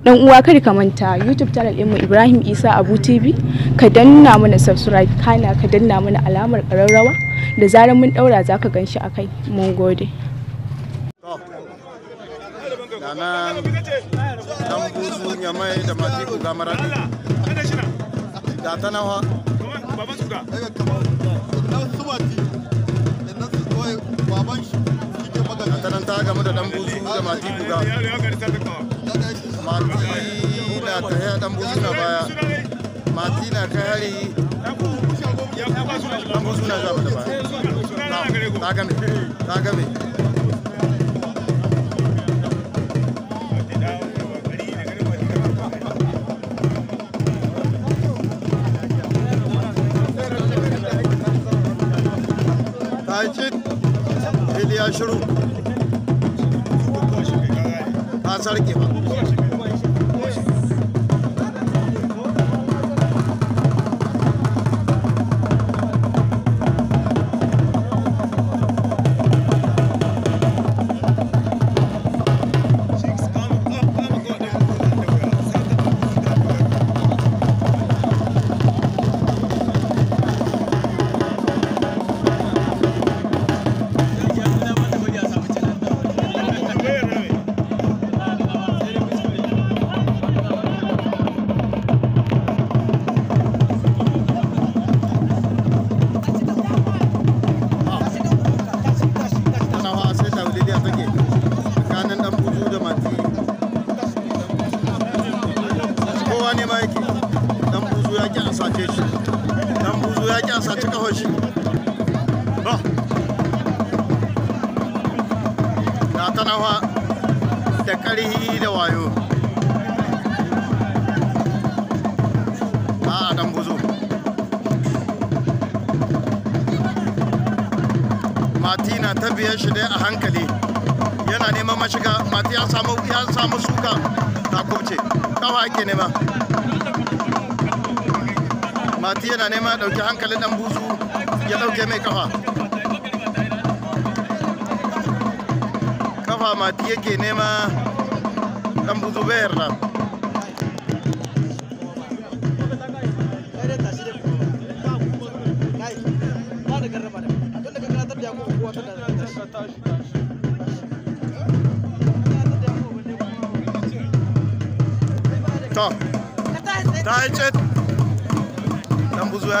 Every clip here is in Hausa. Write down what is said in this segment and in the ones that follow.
dan uwa kada ka manta youtube channel mu ibrahim isa abu tv ka danna mana subscribe kana ka danna mana alamar kararrawa da zarar mun daura za ka gan shi a kai mun gode nan dan buzu ya mai da mati ku ga maradi ta nawa baban su ga baban shi ta nan ta gamu da dan buzu da mati ku ga mati na ta ya dan bozuna baya mati na kai hari dan bozuna gaba da baya ta game ta game Tacit, Iliya Shuru, ta sarke ba. ga ta nawa da ƙarhi da wayo ba ah, a dan buzo mati na ta biyar shi dai a hankali yana neman mashiga mati ya samu ya samu suka ta kubce kawa ake nema mati yana nema ɗauki hankalin dan buzu ya ɗauke mai kafa Mustafa Mati yake nema dan buzubayar nan to dan buzu ya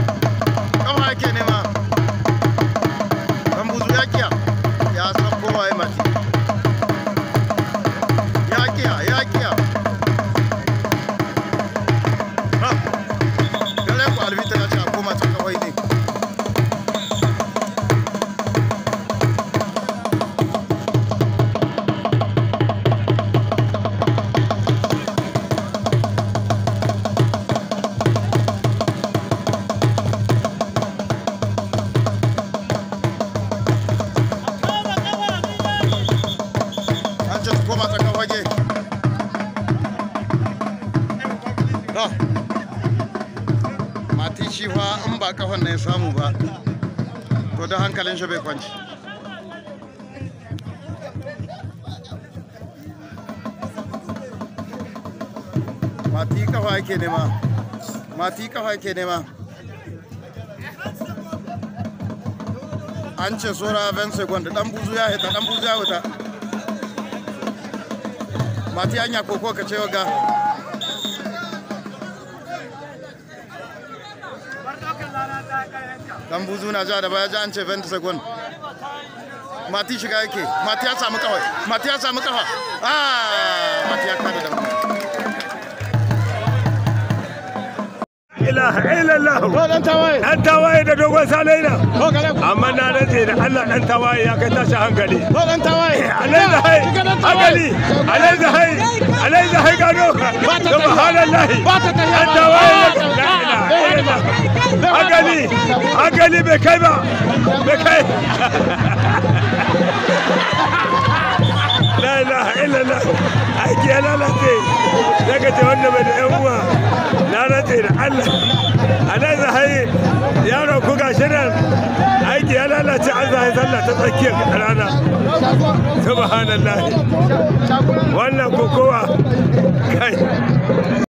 much. wacce su koma tsakan No. mati shi fa in ba kafan na ya samu ba to don hankalin shi bai mati Kawai Kenema. mati Kawai Kenema. nema an ce sora 20 second dan buzu ya heta, dan buzu ya hita mati anya koko ka ce ga dan buzu na ja da baya ja an ce 20 second mati shiga yake mati ya samu kawai mati ya samu kafa ah mati ya kada da mu ilaha illallah to dan tawaye dan tawaye da dogon salaina amma na rantse da Allah dan tawaye ya kai tashi hankali to dan tawaye eh, alai da hai hankali alai da hai alai da hai gano subhanallah dan tawaye ilaha hankali hankali kai ba kai la ilaha illallah lalace daga ce wanda bai da yan uwa A da Allah alai yaro ku gashi aiki ya lalace an zahai sallah ta tsakiyar rana subhanallah wannan kokowa kai